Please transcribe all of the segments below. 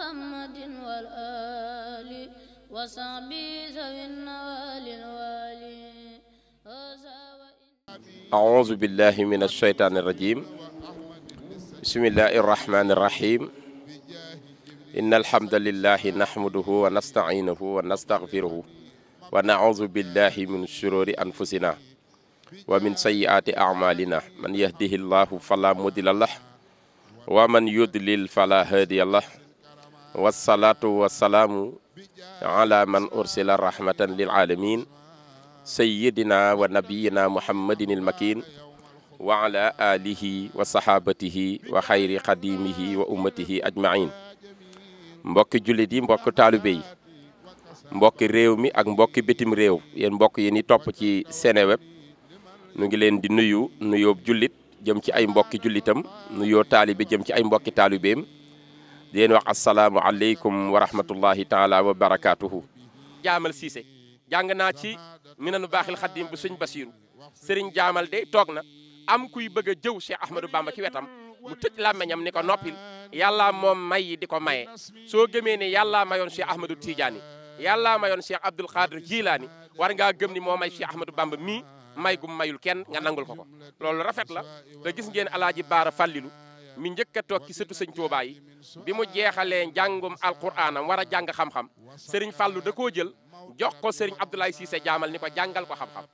محمد والآل وصحبه ذوي النوال الوالي أعوذ بالله من الشيطان الرجيم بسم الله الرحمن الرحيم إن الحمد لله نحمده ونستعينه ونستغفره ونعوذ بالله من شرور أنفسنا ومن سيئات أعمالنا من يهده الله فلا مضل له ومن يضلل فلا هادي له wasalaatu wasalaamu ala man ursila rahmatan lil alamin sayidina wa nabiyina muhammadin il makin wa ala alihi wa sahabatihi wa xayri xadimihi wa ummatihi ajmain mbokki jullit yi mbokki taalibe yi mbokki réew mi ak mbokki bitim réew yéen mbokk yi ni topp ci Seneweb nu ngi leen di nuyu nuyoo jullit jëm ci ay mbokki jullitam nuyoo taalibe jëm ci ay mbokki taalibeem di leen wax asalaamualeykum wa rahmatullahi taala wa barakaatuhu. jaamal siise jàng naa ci minanu baaxil xaddim bu sëñ Basiiru sëriñ jaamal de toog na am kuy bëgg a jëw Cheikh Ahmadou Bamba ci wetam mu tëj làmmeñam ni ko noppil yàlla moom may yi di ko maye. soo gëmee ne yàlla mayoon Cheikh Ahmadou Tidiane yàlla mayoon Cheikh Abdoul Xaadir Jilaani war ngaa gëm ni moo may Cheikh Ahmadou Bamba mii may gum mayul kenn nga nangul ko ko loolu rafet la te gis ngeen alaaji baara fàllilu mi njëkk a toog ci sëtu sëñ Tuubaa yi bi mu jeexalee njàngum alquraanam war a jàng xam-xam sëriñ Fàllu da koo jël jox ko sëriñ Abdoulaye Cissé jaamal ni ko jàngal ko xam-xam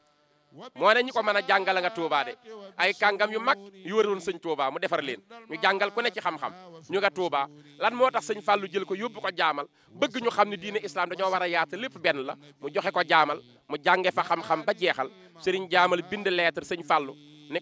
moo ne ñi ko mën a jàngal nga Touba de ay kàngam yu mag yu wëroon sëñ Touba mu defar leen ñu jàngal ku ne ci xam-xam ñu nga Touba lan moo tax sëñ fallu jël ko yóbbu ko jaamal bëgg ñu xam ne diine islam dañoo war a yaata lépp benn la mu joxe ko jaamal mu jànge fa xam-xam ba jeexal sëriñ jaamal bind lettre sëñ Fallou ni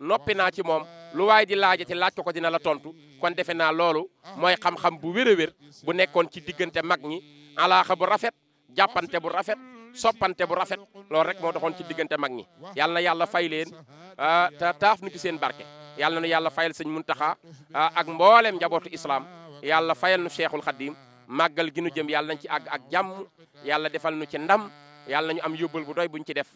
noppi naa ci moom lu waay di laajati laaj ko ko dina la tontu kon defe naa loolu mooy xam-xam bu wér a wér bu nekkoon ci diggante mag ñi alaaxa bu rafet jàppante bu rafet soppante bu rafet lool rek moo doxoon ci diggante mag ñi yàlla na yàlla fay leen ah, te taaf nu ci seen barke yàlla na yàlla fayal sëñ Muntaxa ah, ak mboolem njabootu islaam yàlla fayal nu cheikhul xadim màggal gi nu jëm yàlla nañ ci àgg ak jàmm yàlla defal nu ci ndam yàlla ñu am yóbbal bu doy buñ ci def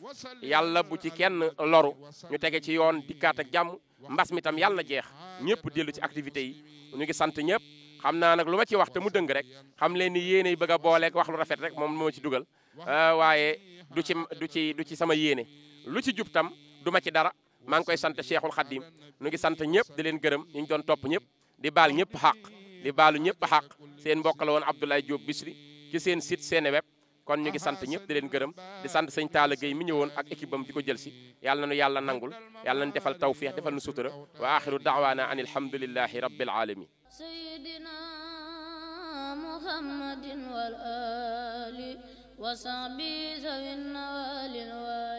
yàlla bu ci kenn loru ñu tege ci yoon dikkaat ak jàmm mbas mi tam yàlla jeex ñëpp dellu ci activité yi ñu ngi sant ñëpp xam naa nag lu ma ci wax te mu dëng rek xam leen ni yéene yi bëgg a booleeg wax lu ci dugal euh, waaye du ci du ci du ci sama yéene lu ci jub tam du ma ci dara maa ngi koy sant Cheikhul Khadim ñu ngi sant ñëpp di leen gërëm ñu ngi doon topp ñëpp di baal ñëpp xaq di baalu ñëpp xaq seen mbokk la woon Abdoulaye Diop Bichri ci seen site seen web kon ñu ngi sant ñëpp di leen gërëm di sant sëñ Talla Gueye mi ñëwoon ak équipe bam di ko jël si yàlla nañu yàlla nangul yàlla nañu defal tawfiix defal nu sutura wa axiru daawaana an alhamdulillahi rabbil alamin sayyidina muhammadin wal ali wa sahbi zawin nawalin